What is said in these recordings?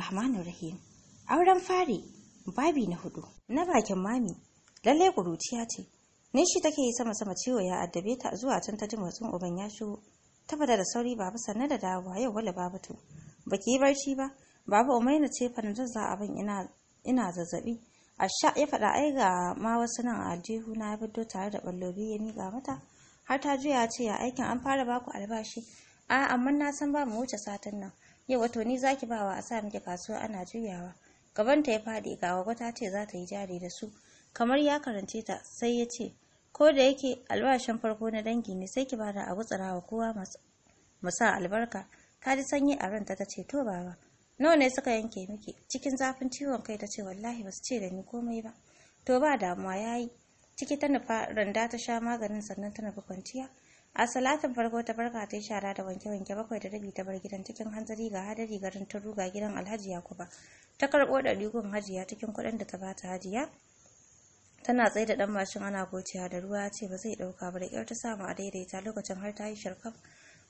Rahmanir Rahim. Auren fari, babi na hudu. Na bakin mami, lalle kuruciya ce. Nishi shi take yi sama sama ciwo ya addabe ta zuwa can ta ji motsin uban ya shigo. Ta fada da sauri babu sannan da dawowa yau wala babatu. Baki yi barci ba, baba na ce nan za abin ina ina zazzabi. sha, ya faɗa ai ga ma wasu nan aljihu na ya fito tare da ballobi ya miƙa mata. Har ta juya ce ya aikin an fara baku albashi. A amma na san ba mu wuce satin nan. yau wato ni zaki wa a sa miki kasuwa ana juyawa gabanta ya faɗi ga ta ce za ta yi jari da su kamar ya karance ta sai ya ce ko da yake albashin farko na dangi ne sai ki da abu tsara wa kowa musa albarka ta ji sanyi a ranta ta ce to baba nawa ne suka yanke miki cikin zafin ciwon kai ta ce wallahi ba su ce da ni komai ba to ba damuwa ya yi. ciki ta nufa randa ta sha maganin sannan ta nufa kwanciya a salatin farko ta farka ta yi shara da wanke-wanke bakwai da rabi ta bar gidan cikin hanzari ga hadari garin ta ruga gidan alhaji yakuba ta karɓo da hajiya cikin kuɗin da ta ba ta hajiya tana tsaye da ɗan mashin ana gociya da ruwa ya ce ba zai ɗauka ba da ƙyar ta samu a daidaita lokacin har ta yi shirkaf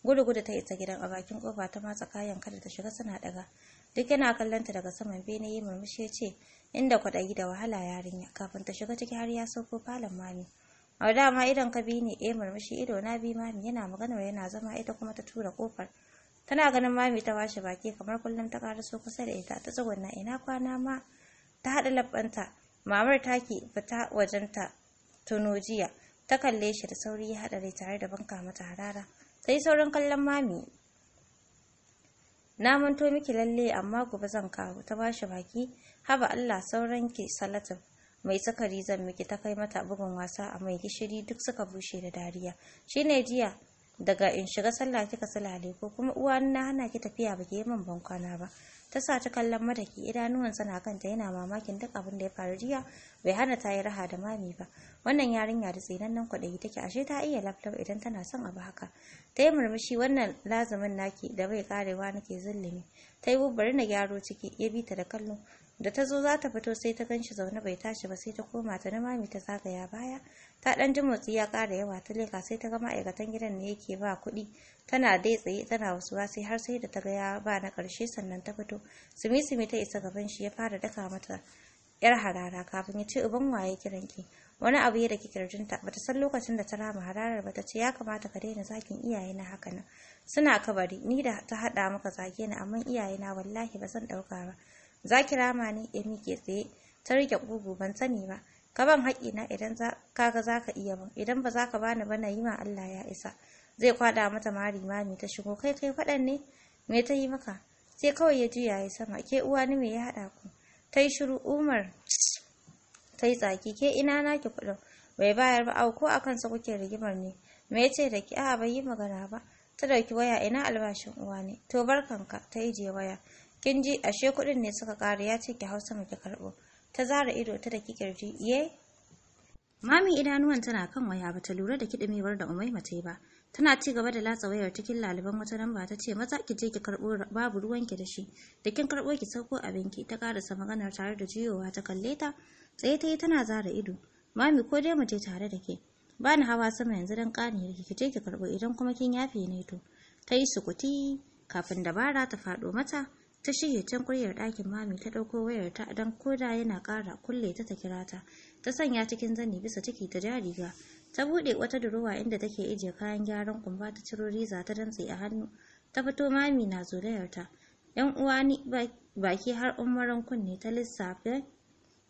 gudu gudu ta isa gidan a bakin kofa ta matsa kayan kada ta shiga suna daga duk yana kallon ta daga saman bene yi murmushi ya ce inda kwaɗayi da wahala yarinya kafin ta shiga ciki har ya sauko falon mami a dama idan ka bi ne eh murmushi ido na bi mami yana maganar yana zama ita kuma ta tura kofar tana ganin mami ta washe baki kamar kullum ta karaso kusa da ita ta na ina kwana ma ta haɗa labbanta mamar taki fita wajenta tuno jiya ta kalle shi da sauri ya hada rai tare da banka mata harara sai sauran kallon mami na manto miki lalle amma gobe zan kawo ta bashi baki haba Allah sauran ki salatin mai sakari zan miki ta kai mata bugun wasa a mai gishiri duk suka bushe da dariya Shi ne jiya daga in shiga sallah kika salale ko kuma uwa na hana ki tafiya baki yi min bankwana ba ta sa ta kallon madaki idanuwan sana kanta yana mamakin duk abin da ya faru jiya bai hana ta yi raha da mami ba wannan yarinya da tsinannen kwaɗayi take ashe ta iya laflaf idan tana son abu haka ta yi murmushi wannan lazumin naki da bai karewa nake zulumi ta yi bubbari na gyaro ciki ya bi ta da kallo da ta zo za ta fito sai ta ganshi zaune bai tashi ba sai ta koma ta na mami ta zagaya baya ta dan ji motsi ya kara yawa ta leka sai ta ga ma'aikatan gidan ne yake ba kuɗi tana dai tsaye tana wasu sai har sai da ta ga ya ba na ƙarshe sannan ta fito sumi sumi ta isa gaban shi ya fara daka mata yar harara kafin ya ce uban waye kiran ki wani abu ya daki kirjinta bata san lokacin da ta rama hararar ba ta ce ya kamata ka daina zakin iyaye na haka nan suna kabari ni da ta hada maka zage ni amma iyaye na wallahi ba zan dauka ba za ki rama ni ya miƙe tsaye ta rike ƙugu ban sani ba ka ban haƙƙi na idan kaga za ka iya ban idan ba za ka bani ba na yi ma Allah ya isa zai kwaɗa mata mari mami ta shigo kai kai faɗan ne me ta yi maka sai kawai ya juya ya sama ke uwa ni me ya haɗa ku ta yi shiru umar ta yi tsaki ke ina na ki kuɗin bai bayar ba au ko a kansa kuke rigimar ne me ya ce da ki a bai yi magana ba ta ɗauki waya ina albashin uwa ne to barkanka ta je waya kin ji ashe kuɗin ne suka ƙara ya ce ki hausa mu ki karɓo ta zara ido ta daki kirji ye mami idanuwan tana kan waya ba ta lura da kiɗimewar da umai mata ba tana ci gaba da latsa wayar cikin laliban wata lamba ta ce maza ki je ki karɓo babu ruwan ki da shi da kin karɓo ki sauko abinki ta karasa maganar tare da jiyowa ta kalle ta tsaye ta yi tana zara ido mami ko dai mu je tare da ke ba ni hawa sama yanzu dan ƙani da ki je ki karɓo idan kuma kin yafe ne to ta yi sukuti kafin dabara ta faɗo mata ta shige can kuryar ɗakin mami ta ɗauko wayarta, ta don koda yana ƙara kulle ta ta kira ta ta sanya cikin zani bisa ciki ta ja riga ta buɗe wata durowa inda take ajiye kayan gyaran kumba ta ciro riza ta dantse a hannu ta fito mami na zolayarta. ta yan uwa ni baki har umaran kunne ta lissafe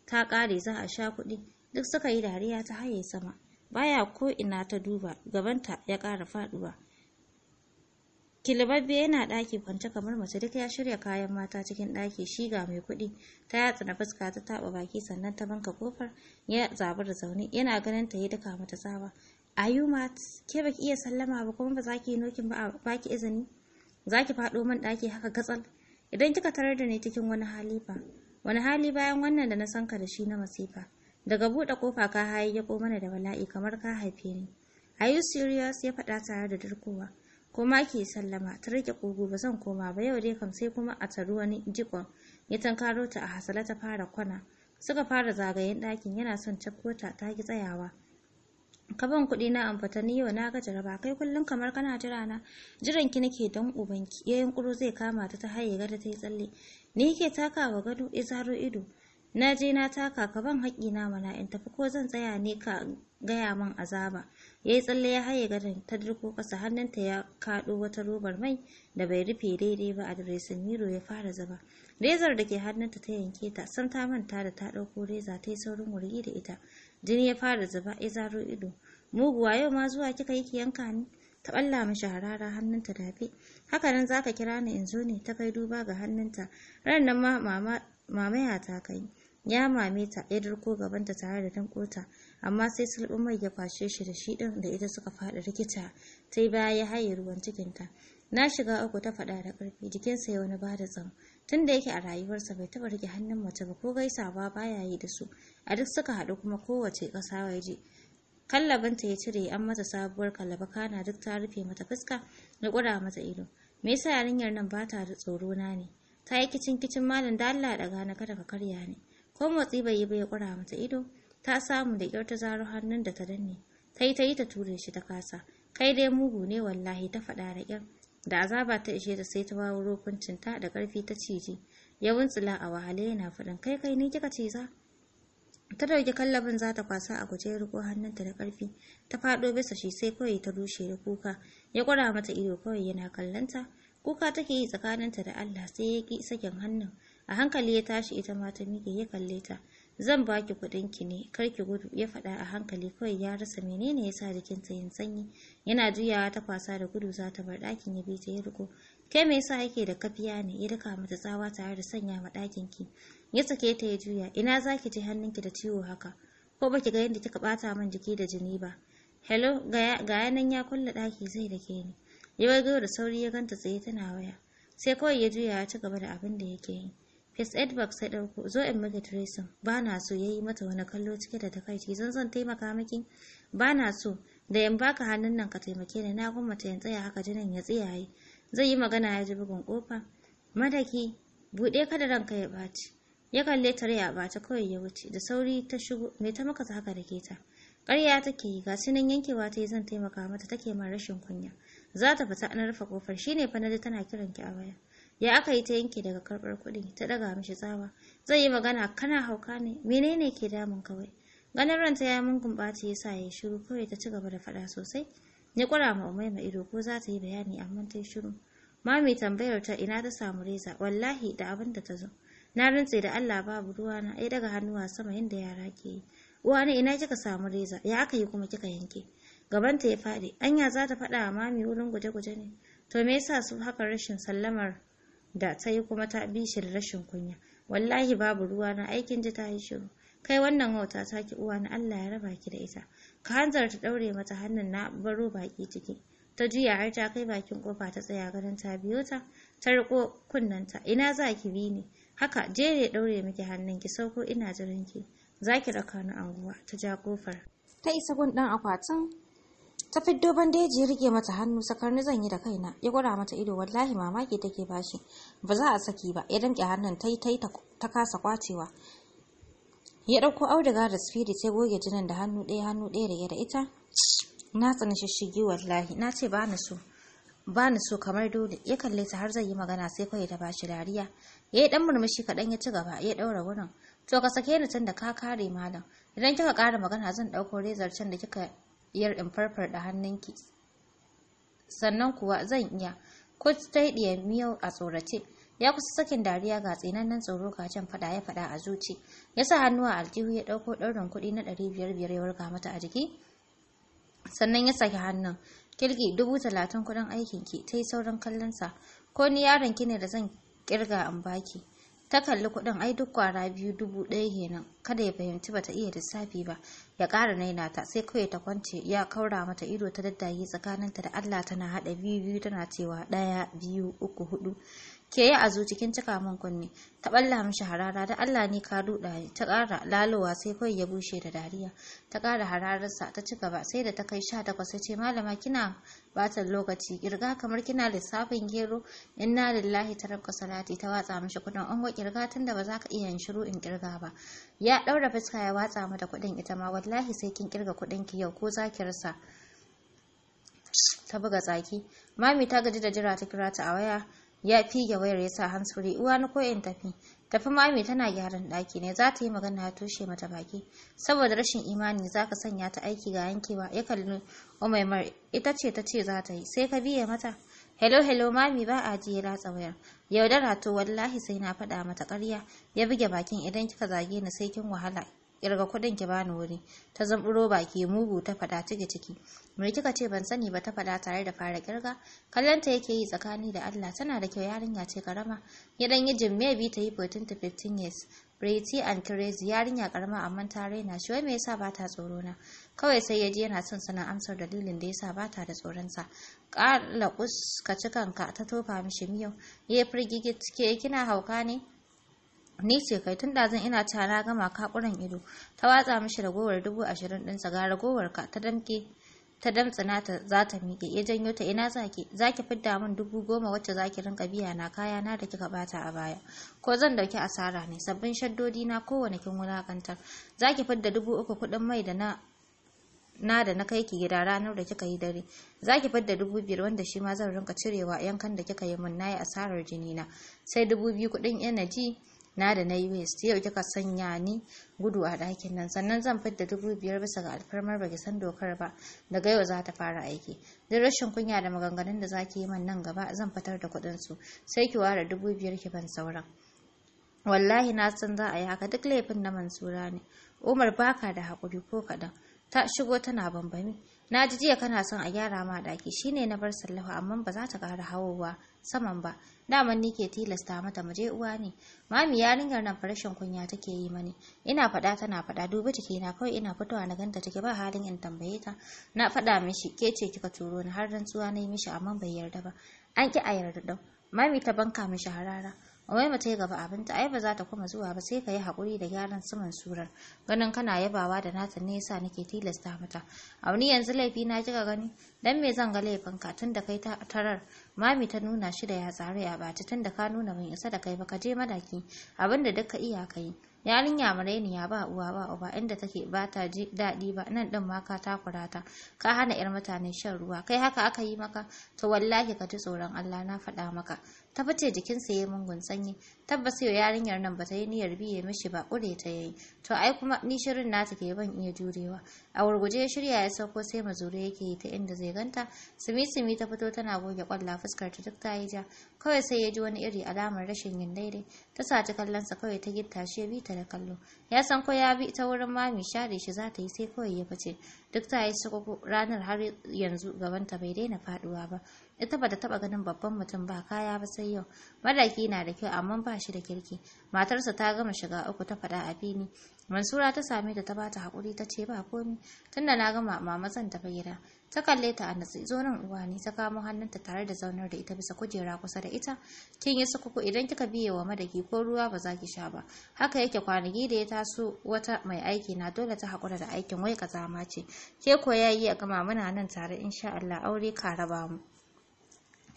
ta ƙare za a sha kuɗi duk suka yi dariya ta haye sama baya ko ina ta duba gabanta ya ƙara faɗuwa kilibabbe yana ɗaki kwance kamar mace duk ya shirya kayan mata cikin ɗaki shi ga mai kuɗi ta yatsa na fuska ta taɓa baki sannan ta banka kofar ya zabi da zaune yana ganin ta yi duka mata tsawa ayumat ke baki iya sallama ba kuma ba za ki yi nokin ba ba ki izini za ki faɗo man ɗaki haka gatsal idan kika tarar da ni cikin wani hali fa wani hali bayan wannan da na san ka da shi na masifa daga buɗe kofa ka hayayyafo mana da bala'i kamar ka haife ni are you serious ya faɗa tare da dirkowa Koma ke sallama, ta rike kogo ba zan koma ba yau dai kam sai kuma a taru wani jikon. Ya tankaro ta a hasala ta fara kwana. Suka fara zagayen ɗakin yana son cafkota ta ki tsayawa. ka ban kuɗi na amfata ni yau na ga jaraba kai kullum kamar kana jira na jiran ki nake dan ubanki yayin kuro zai kama ta ta haye gada ta yi tsalle ni yake takawa gado ya zaro ido na je na taka ka ban haƙƙina mana in tafi ko zan tsaya ne ka gaya min azaba ya yi tsalle ya haye gadon ta durko ƙasa hannunta ya kaɗo wata robar mai da bai rufe daidai ba a diresin miro ya fara zaba rezar da ke hannunta ta yanke ta sam ta manta da ta ɗauko reza ta yi saurin wurgi da ita jini ya fara zuba ya zaro ido muguwa yau ma zuwa kika yi ki yanka ni ta ɓalla mashi harara hannunta dafe haka nan zaka kira ni in zo ne ta kai duba ga hannunta ran nan ma mama mamaya ta kai ya mame ta ya dirko gabanta tare da dankota amma sai sulbin mai ya kwashe shi da shi din da ita suka faɗi rikita ta baya ya haye ruwan cikinta na shiga uku ta faɗa da ƙarfi jikinsa ya wani bada tsam tun da yake a rayuwarsa bai taba rike hannun mace ba ko gaisa gaisawa baya yi da su a duk suka haɗu kuma kowace ƙasa waje kallabinta ya cire an mata sabuwar kallaba kana duk ta rufe mata fuska da ƙura mata ido me yasa yarinyar nan ba ta da tsoro na ne ta yi kicin kicin malam da Allah daga na kada ka karya ne ko motsi bai yi bai kura mata ido ta samu da ƙyar ta zaro hannun da ta danne ta yi ta yi ta ture shi ta kasa kai dai mugu ne wallahi ta faɗa da kyar da azaba ta ishe ta sai ta wawuro ta da ƙarfi ta ciji ya tsila a wahale yana faɗin kai kai ni kika ce za ta dauki kallabin za ta kwasa a guje riko hannunta da ƙarfi ta faɗo bisa shi sai kawai ta rushe da kuka ya kura mata ido kawai yana kallanta kuka take yi tsakaninta da Allah sai ya ki sakin hannun a hankali ya tashi ita ma ta miƙe ya kalle ta zan baki kuɗin ki ne kar ki gudu ya faɗa a hankali kawai ya rasa menene yasa ta yin sanyi yana juyawa ta kwasa da gudu za ta bar ɗakin ya bi ta ya riko kai me yasa yake da kafiya ne ya daka mata tsawa tare da sanya ma ɗakin ki ya sake ta ya juya ina zaki ji hannunki da ciwo haka ko baki ga yadda kika ɓata min jiki da jini ba hello ga yanan ya kulle ɗaki zai da ke ni ya waigo da sauri ya ganta tsaye tana waya sai kawai ya juya ya ci gaba da abin da yake yi His edward sai ɗauko, zo in miki dressing, ba na so ya yi mata wani kallo cike da takaici, zan zan taimaka miki, ba na so, da yan baka hannun nan ka taimake ni, na ta yin tsaya haka jinin ya tsiyaye. Zai yi magana ya ji bugun kofa. Madaki, buɗe ka da ranka ya ɓaci. Ya kalle ta rai a ɓaci kawai ya wuce, da sauri ta shigo, me ta maka haka da ke ta. Ƙarya take yi, ga nan yankewa ta yi zan taimaka mata take ma rashin kunya. Za ta fita na rufe kofar, shine fa na tana kiran ki a baya. ya aka yi ta yanke daga karɓar kuɗi ta ɗaga mishi tsawa zai yi magana kana hauka ne menene ke damun kawai ganin ranta ya mungun ɓaci ya sa ya yi shiru kawai ta ci gaba da faɗa sosai ya ƙura ma umai mai ido ko za ta yi bayani amma ta yi shiru mami tambayar ta ina ta samu reza wallahi da abin da ta zo na rantse da Allah babu ruwa na ya daga hannuwa sama inda yara ke yi uwa ne ina kika samu reza ya aka yi kuma kika yanke gabanta ya faɗi anya za ta faɗa wa mami wurin guje-guje ne to me yasa su haka rashin sallamar da ta yi kuma ta bi shi da rashin kunya wallahi babu ruwa na aikin ji ta yi shiru kai wannan wauta ta ki uwa na Allah ya raba ki da ita ka hanzar ta daure mata hannun na baro baki ciki ta juya har ta kai bakin kofa ta tsaya ganin ta biyo ta ta riko ta ina za ki bi ni haka je ne daure miki hannun ki sauko ina jiran ki za raka ni anguwa ta ja kofar ta isa gun dan akwatin ta fiddo bandeji ya rike mata hannu sakar ni zan yi da kaina ya gwada mata ido wallahi mamaki take bashi ba za a saki ba ya danke hannun tai tai ta kasa kwacewa ya ɗauko auduga da spirit ya goge jinin da hannu ɗaya hannu ɗaya rage da ita na tsani shishigi wallahi na ce ba so bani so kamar dole ya kalle ta har zai yi magana sai kawai ta bashi dariya ya yi ɗan murmushi kaɗan ya ci gaba ya ɗaura wurin to ka sake ni tun da ka kare malam idan kika ƙara magana zan ɗauko rezar can da kika iyar in farfarda hannunki sannan kuwa zan iya ko ta yi miyau a tsorace ya kusa sakin dariya ga tsinannen tsoro kacin fada ya fada a zuci ya sa a aljihu ya dauko daurin kuɗi na ɗari biyar biyar ya warka mata a jiki sannan ya saki hannun kirki dubu talatin kuɗin aikinki ta yi saurin kallonsa ko ni yaron ki ne da zan kirga in baki ta kalli kudin ai duk kwara biyu dubu ɗaya kenan kada ya fahimci bata iya lissafi ba ya kara naina ta sai kawai ta kwance ya kaura mata ido ta daddaye tsakaninta da Allah tana haɗa biyu biyu tana cewa ɗaya biyu uku hudu ke yi a zuci kin cika min kunne ta balla mishi harara da Allah ne ka duda ta ƙara lalowa sai kawai ya bushe da dariya ta ƙara hararsa ta ci gaba sai da ta kai sha takwas ce malama kina batan lokaci kirga kamar kina lissafin gero inna lillahi ta rabka salati ta watsa mishi kuɗin an kirga tun da ba za ka iya yin shiru in kirga ba ya ɗaura fuska ya watsa mata kuɗin ita ma wallahi sai kin kirga kudin ki yau ko za ki rasa ta buga tsaki mami ta gaji da jira ta kira ta a waya ya fige wayar ya sa hansuri uwa na ko in tafi tafi mami tana gyaran ɗaki ne za ta yi magana ya toshe mata baki saboda rashin imani za ka sanya ta aiki ga yankewa ya kalli umaimar ita ce ta ce za ta yi sai ka biya mata hello hello mami ba a ji ya ratsa wayar yaudara to wallahi sai na faɗa mata karya. ya buge bakin idan kika zage ni sai kin wahala kirga kudin ki bani wuri ta zamburo baki mugu ta fada ciki ciki me kika ce ban sani ba ta fada tare da fara kirga kallanta yake yi tsakani da Allah tana da kyau yarinya ce karama ya dan yi jimme bi ta yi 14 to 15 years Pretty and crazy yarinya karama amma ta raina shi wai me yasa ba ta tsoro na kawai sai ya yana son sanin amsar dalilin da yasa ba ta da tsoron sa ƙara kus ka kanka ta tofa mishi miyau ya firgigit ke kina hauka ne ni ce kai tun da zan ina ta na gama kakuran ido ta watsa mishi ragowar dubu ashirin ɗinsa ga ragowar ka ta damke ta damtsina ta za ta miƙe ya janyo ta ina zaki zaki fidda min dubu goma wacce zaki rinka biya na kaya na da kika bata a baya ko zan dauki asara ne sabbin shaddodi na kowane kin wulakantar zaki fidda dubu uku kuɗin mai da na na da na kai ki gida ranar da kika yi dare zaki fidda dubu biyar wanda shi ma zan rinka cirewa yankan da kika yi min na yi asarar jini na sai dubu biyu kuɗin energy na da na U.S yau kika sanya ni gudu a ɗakin nan sannan zan fidda dubu biyar bisa ga alfarmar baki san dokar ba daga yau za ta fara aiki duk rashin kunya da maganganun da zaki yi man nan gaba zan fitar da kuɗin su sai ki ware dubu biyar ki ban sauran wallahi na san za a yi haka duk laifin na mansura ne umar baka da haƙuri ko kaɗan ta shigo tana bambami na ji jiya kana son a gyara ma daki ne na bar sallafa amma ba za ta ƙara hawowa saman ba daman ni ke tilasta mata muje uwa ne mami yarinyar nan farashin kunya take yi mani ina faɗa tana faɗa dubi take na kawai ina fitowa na ganta take ba halin in tambaye ta na faɗa mishi ke ce kika turo ni har rantsuwa na yi mishi amma bai yarda ba an ki a yarda dau mami ta banka mishi harara wai ta yi gaba abinta ai ba za ta kuma zuwa ba sai ka yi hakuri da gyaran saman surar. Ganin kana yabawa da nata ne yasa nake tilasta mata. Auni yanzu laifi na kika gani dan me zan ga laifinka tun da kai ta tarar. Mami ta nuna shi da ya tsare ya bata tun da ka nuna ban isa da kai ba ka je madaki abinda duka iya ka yi. yarinya ya ba uwa ba uba inda take ba ta ji daɗi ba nan ɗin ma ka takura ta ka hana 'yar mutane shan ruwa kai haka aka yi maka to wallahi ka ji tsoron Allah na faɗa maka ta fice jikinsa ya yi mungun sanyi tabbas yau yarinyar nan bata yi niyyar biye mishi ba ƙure ta yayi to ai kuma ni shirin nata ke ban iya jurewa a wurguje ya shirya ya sauko sai mazure yake yi ta inda zai ganta sumi sumi ta fito tana goge kwalla fuskar ta duk ta yi ja kawai sai ya ji wani iri alamar rashin yin daidai ta saci sa kawai ta gitta shi ya bi ta da kallo ya san ko ya bi ta wurin mami share shi za ta yi sai kawai ya fice duk ta yi ranar har yanzu gabanta bai daina faduwa ba ita bata taba ganin babban mutum ba kaya ba sai yau madaki na da kyau amma ba shi da kirki matarsa ta gama shiga uku ta fada a fili mansura ta same ta ta bata hakuri ta ce ba komi tunda na gama mama zan tafi gida ta kalle ta a natsi zo nan uwa ne ta kamo hannunta tare da zaunar da ita bisa kujera kusa da ita kin yi sukuku idan kika biye wa madaki ko ruwa ba za ki sha ba haka yake kwanaki da ya taso wata mai aiki na dole ta hakura da aikin wai kazama ce ke ko yayi a gama muna nan tare insha Allah aure ka raba mu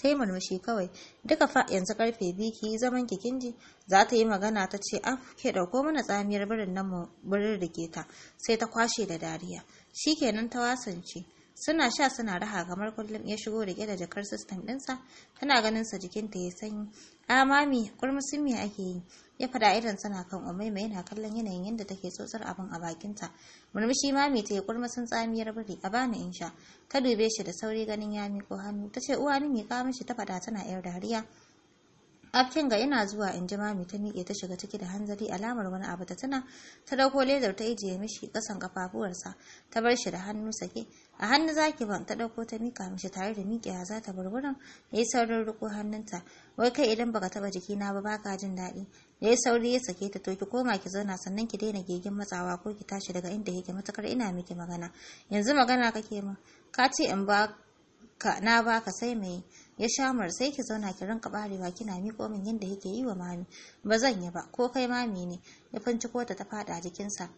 ta yi kawai duka fa yanzu karfe biyu ki yi zaman ki kinji za ta yi magana ta ce a ah, ke dauko mana tsamiyar birin nan mu birin rike ta sai ta kwashe da dariya shi kenan ta wasance suna sha suna raha kamar kullum ya shigo ke da jakar sistem dinsa tana ganin sa jikinta ya sanyi a ah, mami kurmusin me ake yi ya fada irin sana kan mai yana kallon yanayin yadda take tsotsar abin a bakinta murmushi ma mai ta kurma sun tsamiyar bari. a bani in sha ta dube shi da sauri ganin ya miko hannu ta ce uwa ni mi mishi ta fada tana yar dariya Afkin ga yana zuwa in ji mami ta miƙe ta shiga ciki da hanzari alamar wani abu ta tana ta dauko ledar ta ijiye mishi kasan kafafuwarsa ta bar shi da hannu sake a hannu zaki ban ta ɗauko ta mika mishi tare da miƙewa za ta bar wurin ya yi saurin riko hannunta wai kai idan baka taɓa na ba baka jin daɗi da ya sauri ya sake ta to ki koma ki zauna sannan ki daina gegen matsawa ko ki tashi daga inda yake matakar ina miki magana yanzu magana kake min ka ce in ba ka na baka sai mai ya shamar sai ki zauna ki rinka barewa kina miko min yadda yake yi wa mami ba zan yi ba ko kai mami ne ya fanci ta ta faɗa jikinsa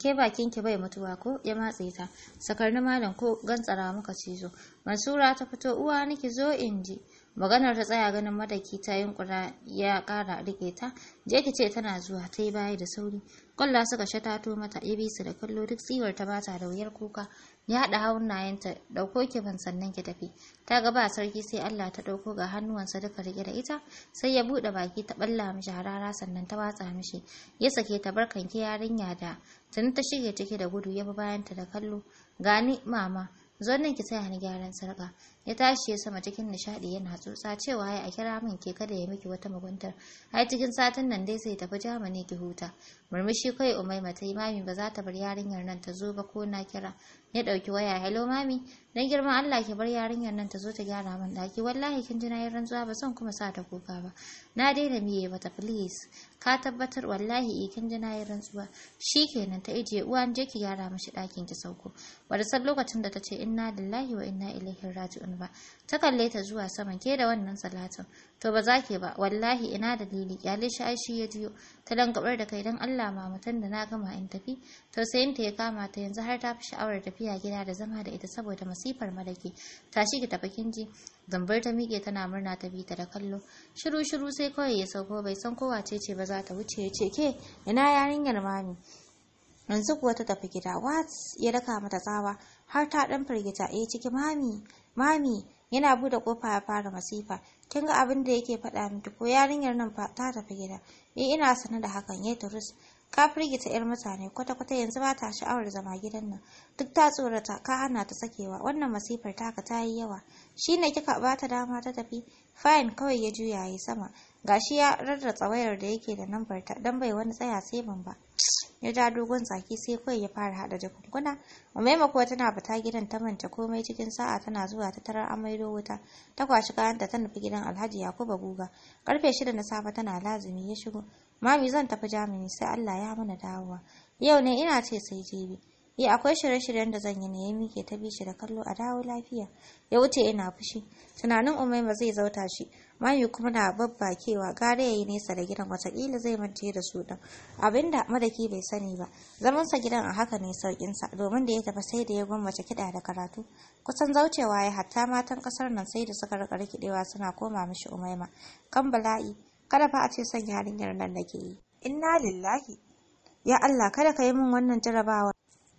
ke bakin ki bai mutuwa ko ya matse ta sakarni malam ko gantsara muka cizo mansura ta fito uwa niki zo in ji maganar ta tsaya ganin madaki ta yunkura ya kara rike ta je ki ce tana zuwa ta yi baya da sauri kwalla suka shatato mata ya su da kallo duk tsiwar ta bata da wuyar kuka ya haɗa ta. ɗauko ki ban sannan ki tafi ta ga ba sarki sai Allah ta ɗauko ga hannuwansa duka rike da ita sai ya buɗe baki ta ɓalla mishi harara sannan ta watsa mishi ya sake ta barkan ki yarinya da tuni ta shige ciki da gudu ya bi bayanta da kallo gani mama zo nan ki tsaya ni gyaran sarka ya tashi ya sama cikin nishadi yana tsotsa cewa ya a kira min ke kada ya miki wata muguntar ai cikin satin nan dai sai tafi jamani ki huta murmushi kai umaima ta yi mami ba za ta bar yarinyar nan ta zo ba ko na kira ya ɗauki waya hello mami dan girman Allah ki bar yarinyar nan ta zo ta gyara min ɗaki wallahi kin ji na yi rantsuwa ba zan kuma sa ta kuka ba na daina miye mata please ka tabbatar wallahi e kin ji na yi rantsuwa shikenan ta ije an je ki gyara mishi ɗakin ki sauko ba ta san lokacin da ta ce inna lillahi wa inna ilaihi raji'un ba ta kalle ta zuwa saman ke da wannan salatin to ba za ke ba wallahi ina dalili kyale shi ai shi ya jiyo ta langabar da kai dan Allah mamatan da na gama in tafi to sai ta ya kama ta yanzu har ta fi sha'awar tafiya gida da zama da ita saboda masifar malaki tashi ki tafi kin ji zambar ta mike tana murna ta bi ta da kallo shiru shiru sai kawai ya sauko bai san kowa ce ce ba za ta wuce ya ce ke ina yarinyar mami yanzu kuwa ta tafi gida wat ya daka mata tsawa har ta dan firgita eh ciki mami mami yana bude kofa ya fara masifa kin ga abin da yake faɗa miki ko yarinyar nan fa ta tafi gida eh ina sanar da hakan yayi turus ka firgita yar mutane kwata kwata yanzu ba ta sha'awar zama gidan nan duk ta tsorata ka hana ta sakewa wannan masifar taka ta yi yawa shine kika bata dama ta tafi fine kawai ya juya yayi sama gashi ya rarratsa wayar da yake da nambar ta dan bai wani tsaya sai ban ba ya ja dogon tsaki sai kawai ya fara hada jakunkuna umaima kuwa tana fita gidan ta manta komai cikin sa'a tana zuwa ta tarar amaido wuta ta kwashi kayanta ta nufi gidan alhaji yakuba guga karfe shida na safe tana lazumi ya shigo mami zan tafi Jamuni sai allah ya mana dawowa yau ne ina ce sai jibi yi eh, akwai shirye-shiryen da zan yi ne ya mike ta shi da kallo a dawo lafiya ya wuce ina fushi tunanin umaima zai zauta shi mami kuma na babbakewa gare ya yi nesa da gidan watakila zai mance da su abin abinda madaki bai sani ba zamansa gidan a haka ne sauƙinsa domin da ya tafi sai da ya gwammace kiɗa da karatu kusan zaucewa ya hatta matan ƙasar nan sai da suka rika rikidewa suna koma mishi umaima kan bala'i kada fa a ce son yarinyar nan da ke yi inna lillahi ya Allah kada ka yi min wannan jarabawa.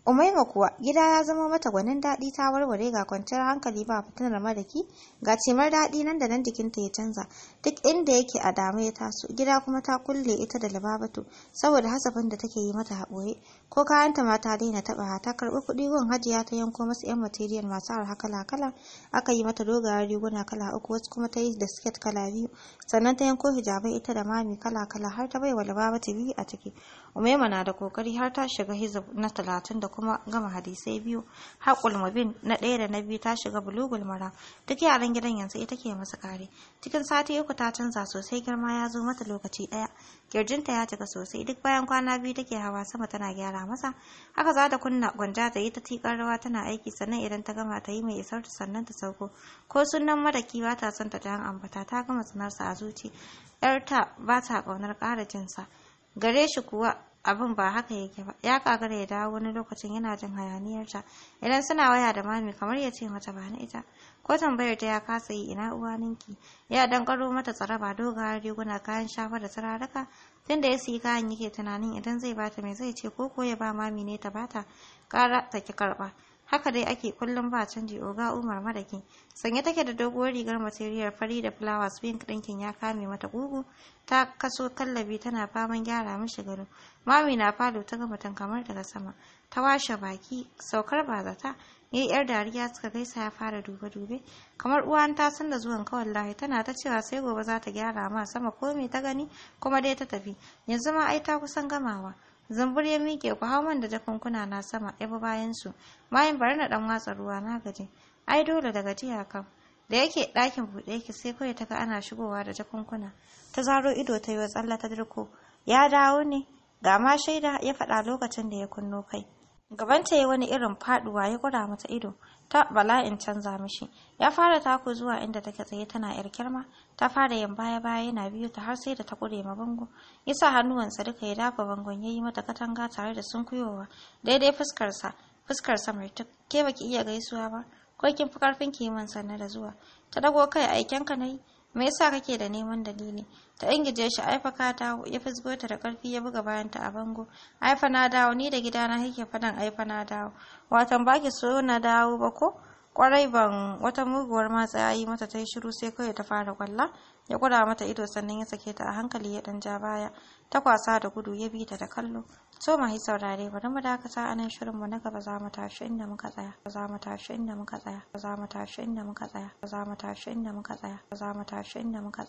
Umaima kuwa gida ya zama mata gwanin daɗi ta warware ga kwanciyar hankali ba fitinar madaki ga cimar daɗi nan da nan jikinta ya canza duk inda yake a dama ya taso gida kuma ta kulle ita da lababatu saboda hasafin da take yi mata haɓoye ko kayanta ma ta daina taɓa ta karɓi kuɗi gun hajiya ta yanko masu yan material masu arha kala kala aka yi mata dogayen riguna kala uku wasu kuma ta yi da siket kala biyu sannan ta yanko hijabai ita da mami kala kala har ta bai wa lababatu biyu a ciki Umaima na da kokari har ta shiga hizib na talatin da kuma gama hadisai biyu. Haƙul mubin na ɗaya da na biyu ta shiga bulugul mara. Duk yaran gidan yanzu ita ke masa kare. Cikin sati uku ta canza sosai girma ya zo mata lokaci ɗaya. Kirjinta ya cika sosai duk bayan kwana biyu take hawa sama tana gyara masa. Haka za ta kunna gwanja ta yi ta tikar rawa tana aiki sannan idan ta gama ta yi mai isar ta sannan ta sauko. Ko sunan maraki ba ta son ta jan ambata ta gama sanarsa a zuci. 'yarta ba ta ƙaunar ƙara jinsa. gare shi kuwa abin ba haka yake ba ya kagara ya dawo wani lokacin yana jin hayaniyarta idan suna waya da mami kamar ya ce mata ba na ita ko tambayar ta ya kasa yi ina uwaninki ya dan karo mata tsaraba dogayen riguna kayan shafa da tsararraka tunda ya siyi kayan yake tunanin idan zai bata me zai ce ko ko ya ba mami ne ta bata kara ta ki karba haka dai ake kullum ba canji oga umar madakin sanye take da doguwar rigar material fari da flowers pink ɗinkin ya kame mata gugu ta kaso kallabi tana faman gyara mishi gado mami na falo ta gama kamar daga sama ta washe baki saukar bazata ya yi yar dariya suka gaisa ya fara dube-dube kamar uwan ta san da zuwan kawai lahi tana ta cewa sai gobe za ta gyara ma sama ko me ta gani kuma dai ta tafi yanzu ma ai ta kusan gamawa Zumbur ya mike ku hau man da jakunkuna na sama ɗaya bayan su. Mayin bari na dan watsa ruwa na gaji. Ai dole da gajiya kam. Da yake ɗakin buɗe yake sai kawai ta ga ana shigowa da jakunkuna. Ta zaro ido ta yi wa tsalla ta dirko. Ya dawo ne. Ga ma shaida ya faɗa lokacin da ya kunno kai. Gabanta ya wani irin faɗuwa ya kura mata ido. ta Bala in canza mishi ya fara taku zuwa inda take tsaye tana yar kirma ta fara yin baya baya yana biyu ta har sai da ta kure ma bango yasa hannuwansa duka ya dafa bangon yayi mata katanga tare da sun sunkuyowa daidai fuskarsa fuskarsa mai tuk ke baki iya gaisuwa ba ko kin fi karfin kiman sannan da zuwa ta dago kai aikenka nayi me yasa kake da neman dalili ta ingije shi aifa ka dawo ya fisgo ta da karfi ya buga bayanta a bango aifa na dawo ni da gida na kake fadan aifa na dawo watan baki so na dawo ba ko kwarai ban wata muguwar matsa yi mata ta yi shiru sai kawai ta fara kwalla ya kura mata ido sannan ya sake ta a hankali ya dan ja baya ta kwasa da gudu ya bi ta da kallo so mai saurare bari mu dakata a nan mu na gaba za mu tashi inda muka tsaya za mu tashi inda muka tsaya za mu tashi inda muka tsaya za mu tashi inda muka tsaya za mu tashi inda muka tsaya